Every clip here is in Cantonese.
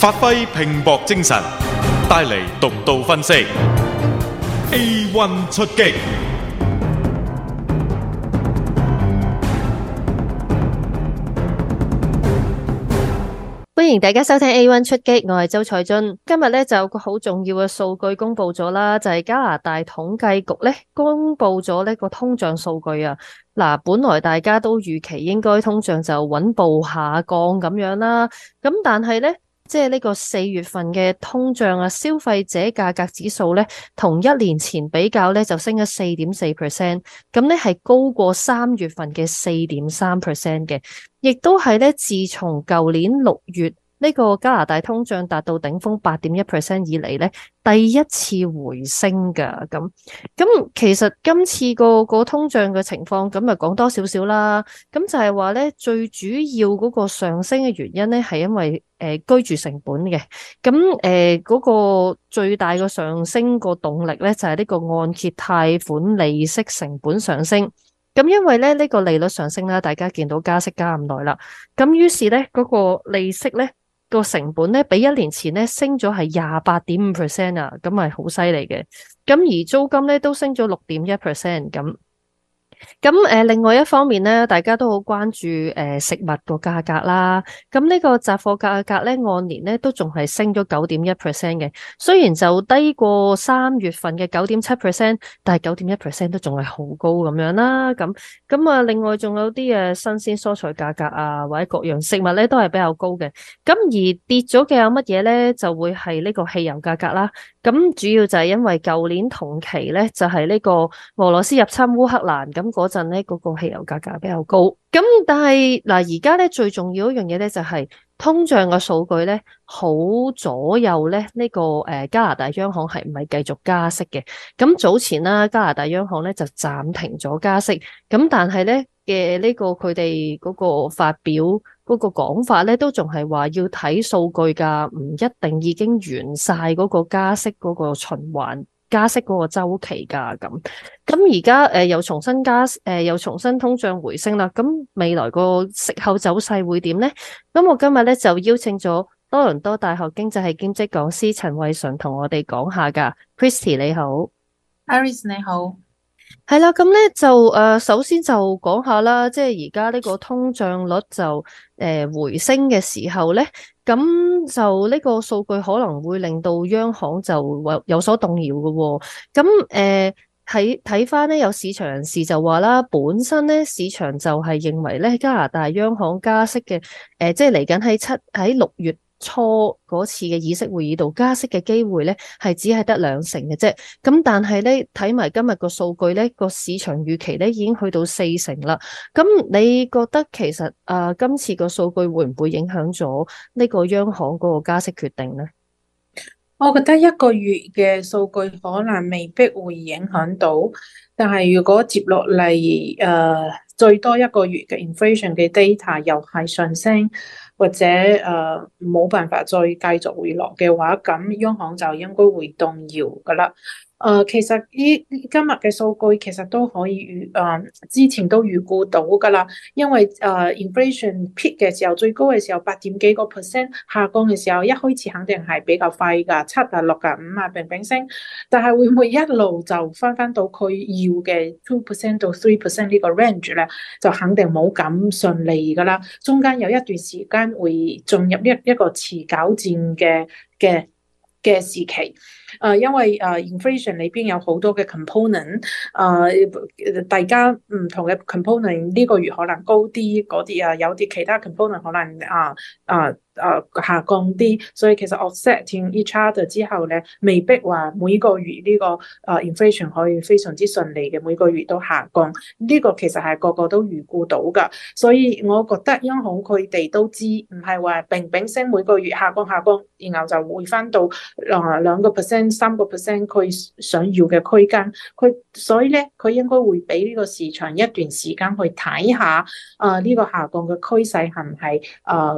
發揮拼搏精神，帶嚟獨到分析。A1 出擊，歡迎大家收聽 A1 出擊。我係周彩俊，今日呢就有個好重要嘅數據公布咗啦，就係加拿大統計局呢公布咗呢個通脹數據啊。嗱，本來大家都預期應該通脹就穩步下降咁樣啦，咁但係呢。即係呢個四月份嘅通脹啊，消費者價格指數呢，同一年前比較呢，就升咗四點四 percent，咁呢係高過三月份嘅四點三 percent 嘅，亦都係呢，自從舊年六月。呢個加拿大通脹達到頂峰八點一 percent 以嚟咧，第一次回升㗎。咁。咁其實今次個個通脹嘅情況，咁咪講多少少啦。咁就係話咧，最主要嗰個上升嘅原因咧，係因為誒、呃、居住成本嘅。咁誒嗰個最大嘅上升個動力咧，就係、是、呢個按揭貸款利息成本上升。咁因為咧呢、這個利率上升啦，大家見到加息加咁耐啦。咁於是咧嗰、那個利息咧。個成本咧比一年前咧升咗係廿八點五 percent 啊，咁係好犀利嘅。咁而租金咧都升咗六點一 percent 咁。咁誒，另外一方面咧，大家都好關注誒食物個價格啦。咁呢個雜貨價格咧，按年咧都仲係升咗九點一 percent 嘅。雖然就低過三月份嘅九點七 percent，但係九點一 percent 都仲係好高咁樣啦。咁咁啊，另外仲有啲誒新鮮蔬菜價格啊，或者各樣食物咧都係比較高嘅。咁而跌咗嘅有乜嘢咧？就會係呢個汽油價格啦。咁主要就係因為舊年同期咧，就係呢個俄羅斯入侵烏克蘭咁。嗰陣咧，嗰、那個汽油價格比較高，咁但係嗱，而家咧最重要一樣嘢咧就係、是、通脹嘅數據咧好左右咧呢、這個誒加拿大央行係唔係繼續加息嘅？咁早前啦，加拿大央行咧就暫停咗加息，咁但係咧嘅呢、這個佢哋嗰個發表嗰個講法咧，都仲係話要睇數據㗎，唔一定已經完晒嗰個加息嗰個循環。加息嗰個週期噶咁，咁而家誒又重新加，誒、呃、又重新通脹回升啦。咁未來個息口走勢會點呢？咁我今日咧就邀請咗多倫多大學經濟系兼職講師陳慧純同我哋講下噶。Christy 你好，Aris 你好。Paris，你好係啦，咁咧就誒、呃，首先就講下啦，即係而家呢個通脹率就誒、呃、回升嘅時候咧，咁就呢個數據可能會令到央行就有所動搖嘅、哦。咁誒喺睇翻咧，有市場人士就話啦，本身咧市場就係認為咧加拿大央行加息嘅，誒、呃、即係嚟緊喺七、喺六月。初嗰次嘅議息會議度加息嘅機會呢，係只係得兩成嘅啫。咁但係呢，睇埋今日個數據呢，個市場預期呢已經去到四成啦。咁你覺得其實啊，今次個數據會唔會影響咗呢個央行嗰個加息決定呢？我覺得一個月嘅數據可能未必會影響到，但係如果接落嚟誒、呃最多一個月嘅 inflation 嘅 data 又係上升，或者誒呃，冇辦法再繼續回落嘅話，咁央行就應該會動搖㗎喇。誒，uh, 其實依今日嘅數據其實都可以預誒，uh, 之前都預估到㗎啦。因為誒、uh, inflation peak 嘅時候，最高嘅時候八點幾個 percent，下降嘅時候一開始肯定係比較快㗎，七啊六啊五啊平平升。但係會唔會一路就翻翻到佢要嘅 two percent 到 three percent 呢個 range 咧？就肯定冇咁順利㗎啦。中間有一段時間會進入一一個持久戰嘅嘅嘅時期。誒，uh, 因為誒、uh, inflation 裏邊有好多嘅 component，誒、uh, 大家唔同嘅 component 呢個月可能高啲，啲啊、uh, 有啲其他 component 可能啊啊啊下降啲，所以其實 offsetting each other 之後咧，未必話每個月呢、這個誒、uh, inflation 可以非常之順利嘅，每個月都下降。呢、這個其實係個個都預估到噶，所以我覺得央行佢哋都知，唔係話平平升，每個月下降下降，然後就回翻到兩兩個 percent。Uh, 三個 percent 佢想要嘅區間，佢所以咧佢應該會俾呢個市場一段時間去睇下，啊、呃、呢、呢個下降嘅趨勢係唔係啊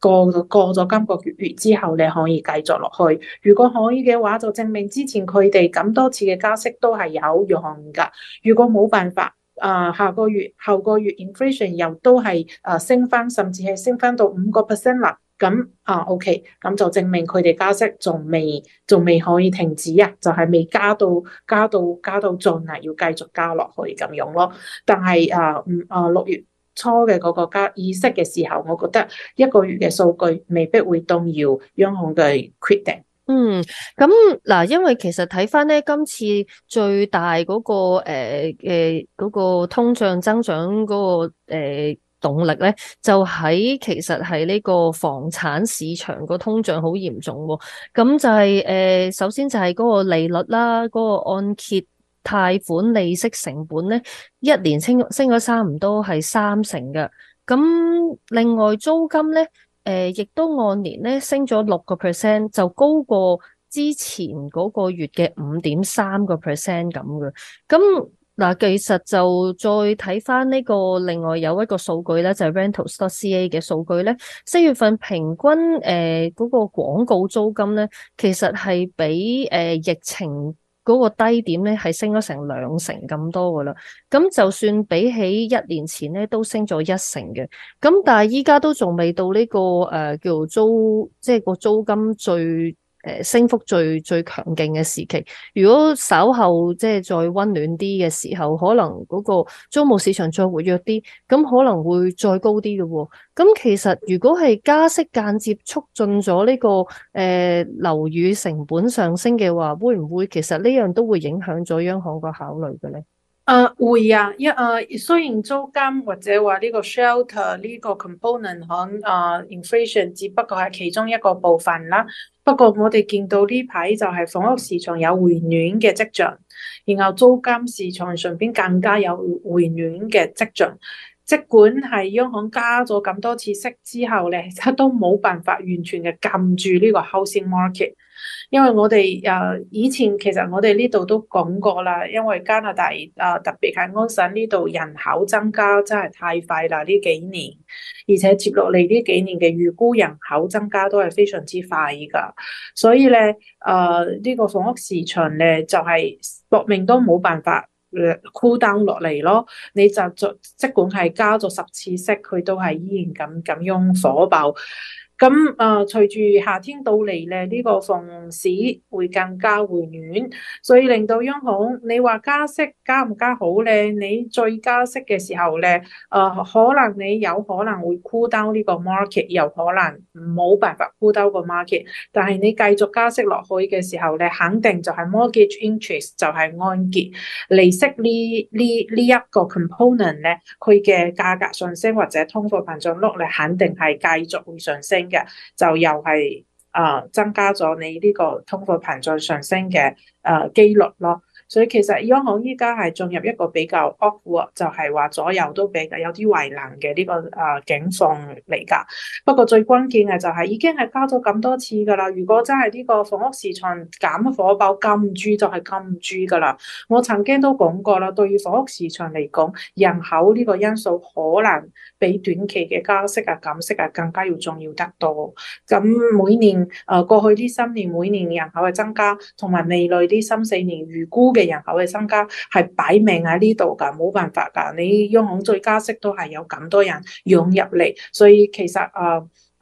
過咗過咗今個月之後你可以繼續落去，如果可以嘅話，就證明之前佢哋咁多次嘅加息都係有用㗎。如果冇辦法，啊、呃、下個月後個月 inflation 又都係啊升返，甚至係升返到五個 percent 啦。咁啊，OK，咁就證明佢哋加息仲未，仲未可以停止啊，就係、是、未加到加到加到盡啊，要繼續加落去咁樣咯。但係啊，啊，六月初嘅嗰個加息嘅時候，我覺得一個月嘅數據未必會動搖央，央行嘅決定。嗯，咁嗱，因為其實睇翻咧，今次最大嗰、那個誒誒、呃那個、通脹增長嗰、那個、呃動力咧，就喺其實係呢個房產市場個通脹好嚴重喎，咁就係、是、誒、呃、首先就係嗰個利率啦，嗰、那個按揭貸款利息成本咧一年升升咗差唔多，係三成嘅。咁另外租金咧誒，亦都按年咧升咗六個 percent，就高過之前嗰個月嘅五點三個 percent 咁嘅。咁嗱，其實就再睇返呢個，另外有一個數據咧，就係、是、Rentals.ca 嘅數據咧，四月份平均誒嗰、呃那個廣告租金咧，其實係比誒、呃、疫情嗰個低點咧，係升咗成兩成咁多噶啦。咁就算比起一年前咧，都升咗一成嘅。咁但係依家都仲未到呢、這個誒、呃、叫做租，即、就、係、是、個租金最。誒升幅最最強勁嘅時期，如果稍後即係再温暖啲嘅時候，可能嗰個租務市場再活躍啲，咁可能會再高啲嘅喎。咁其實如果係加息間接促進咗呢個誒樓宇成本上升嘅話，會唔會其實呢樣都會影響咗央行個考慮嘅咧？誒、啊、會啊，一誒雖然租金或者話呢個 shelter 呢個 component 可誒、uh, inflation 只不過係其中一個部分啦。不過，我哋見到呢排就係房屋市場有回暖嘅跡象，然後租金市場上邊更加有回暖嘅跡象。即管係央行加咗咁多次息之後咧，其實都冇辦法完全嘅禁住呢個 housing market，因為我哋誒、呃、以前其實我哋呢度都講過啦，因為加拿大誒、呃、特別係安省呢度人口增加真係太快啦呢幾年，而且接落嚟呢幾年嘅預估人口增加都係非常之快噶，所以咧誒呢、呃這個房屋市場咧就係、是、搏命都冇辦法。cooldown 落嚟咯，你就做，即管係加咗十次息，佢都係依然咁咁樣火爆。咁誒、嗯、隨住夏天到嚟咧，呢、這個房市會更加回暖，所以令到央行你話加息加唔加好咧？你再加息嘅時候咧，誒、呃，可能你有可能會箍兜呢個 market，又可能冇辦法箍兜個 market，但係你繼續加息落去嘅時候咧，肯定就係 mortgage interest 就係按揭利息呢呢呢一個 component 咧，佢嘅價格上升或者通貨膨脹率咧，肯定係繼續會上升。嘅就又係啊，呃，增加咗你呢個通貨膨脹上升嘅誒幾率咯。所以其實央行依家係進入一個比較 awkward，就係話左右都比較有啲為難嘅呢、這個啊景況嚟㗎。不過最關鍵嘅就係已經係加咗咁多次㗎啦。如果真係呢個房屋市場減火爆，禁住就係禁住㗎啦。我曾經都講過啦，對於房屋市場嚟講，人口呢個因素可能比短期嘅加息啊減息啊更加要重要得多。咁每年啊、呃、過去呢三年每年人口嘅增加，同埋未來呢三四年預估嘅。人口嘅增加係擺明喺呢度噶，冇辦法噶。你央行再加息都係有咁多人湧入嚟，所以其實啊啊、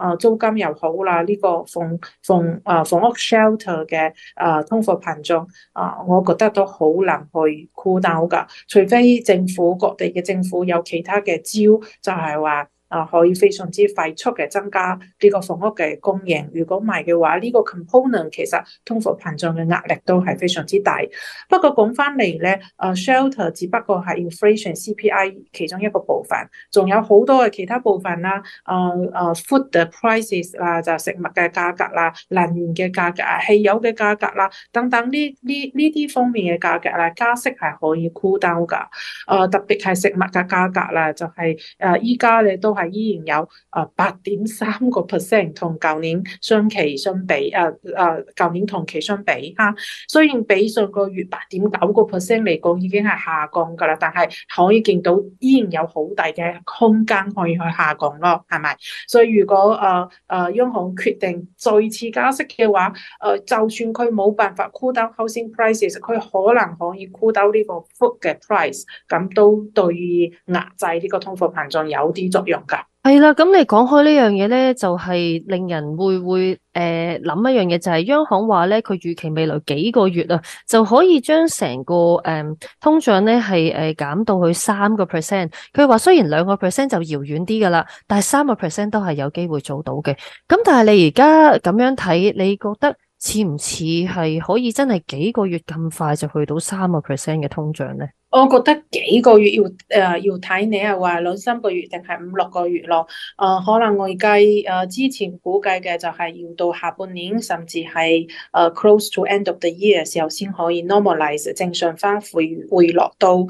呃呃、租金又好啦，呢、這個房房啊房屋 shelter 嘅啊、呃、通貨膨脹啊，我覺得都好難去箍到噶，除非政府各地嘅政府有其他嘅招，就係話。啊，可以非常之快速嘅增加呢個房屋嘅供應，如果唔係嘅話呢、呢個 component 其實通貨膨脹嘅壓力都係非常之大。不過講翻嚟咧，啊 shelter 只不過係 inflation CPI 其中一個部分，仲有好多嘅其他部分啦。啊啊 food prices 啦、啊，就係、食物嘅價格啦、啊，能源嘅價格、啊，汽油嘅價格啦、啊，等等呢呢呢啲方面嘅價格咧，加息係可以 cool down 噶，啊，特別係食物嘅價格啦、啊，就係、係、啊依家你都係。依然有啊八點三個 percent 同舊年同期相比，誒、啊、誒，舊、啊、年同期相比哈、啊。雖然比上個月八點九個 percent 嚟講已經係下降噶啦，但係可以見到依然有好大嘅空間可以去下降咯，係咪？所以如果誒誒央行決定再次加息嘅話，誒、呃、就算佢冇辦法箍到 housing prices，佢可能可以箍到呢個 food 嘅 price，咁都對壓制呢個通貨膨脹有啲作用。係啦，咁你講開呢樣嘢咧，就係令人會會誒諗一樣嘢，就係央行話咧，佢預期未來幾個月啊，就可以將成個誒通脹咧係誒減到去三個 percent。佢話雖然兩個 percent 就遙遠啲噶啦，但係三個 percent 都係有機會做到嘅。咁但係你而家咁樣睇，你覺得似唔似係可以真係幾個月咁快就去到三個 percent 嘅通脹咧？我覺得幾個月要誒、呃、要睇你係話兩三個月定係五六個月咯。誒、呃、可能我而家誒、呃、之前估計嘅就係要到下半年甚至係誒、呃、close to end of the year 嘅時候先可以 normalize 正常翻回回落到誒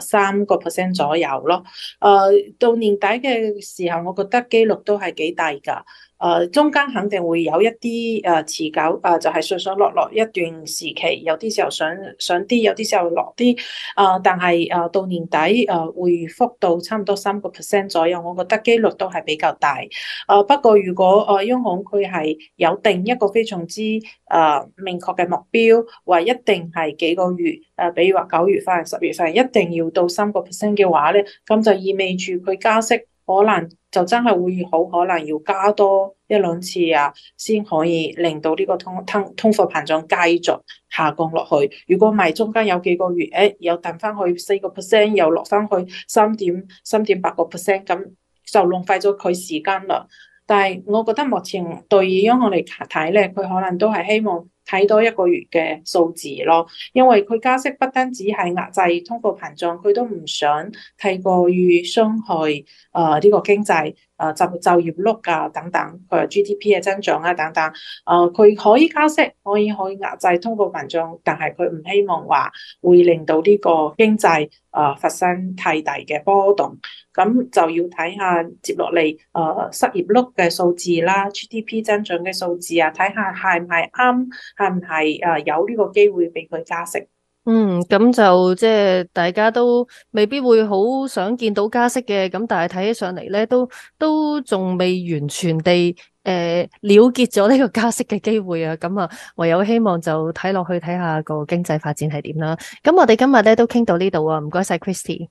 三個 percent 左右咯。誒、呃、到年底嘅時候，我覺得機率都係幾大㗎。誒，中間肯定會有一啲誒持久、誒就係上上落落一段時期，有啲時候上上啲，有啲時候落啲。誒但係誒到年底誒回復到差唔多三個 percent 左右，我覺得幾率都係比較大。誒不過如果誒央行佢係有定一個非常之誒明確嘅目標，話一定係幾個月誒，比如話九月份、十月份一定要到三個 percent 嘅話咧，咁就意味住佢加息。可能就真係會好，可能要加多一兩次啊，先可以令到呢個通通通貨膨脹繼續下降落去。如果唔係，中間有幾個月，誒，又彈翻去四個 percent，又落翻去三點三點八個 percent，咁就浪費咗佢時間啦。但係我覺得目前對於央行嚟睇咧，佢可能都係希望。睇多一個月嘅數字咯，因為佢加息不單止係壓制通貨膨脹，佢都唔想太過於傷害誒呢個經濟。啊就就業率啊等等佢、啊、GDP 嘅增長啊等等，啊佢可以加息，可以可以壓制通貨膨脹，但係佢唔希望話會令到呢個經濟啊發生太大嘅波動，咁就要睇下接落嚟啊失業率嘅數字啦，GDP 增長嘅數字啊，睇下係唔係啱，係唔係啊有呢個機會俾佢加息。嗯，咁就即係大家都未必會好想見到加息嘅，咁但係睇起上嚟咧，都都仲未完全地誒、呃、了結咗呢個加息嘅機會啊，咁、嗯、啊唯有希望就睇落去睇下個經濟發展係點啦。咁我哋今日咧都傾到呢度啊，唔該晒 Christy。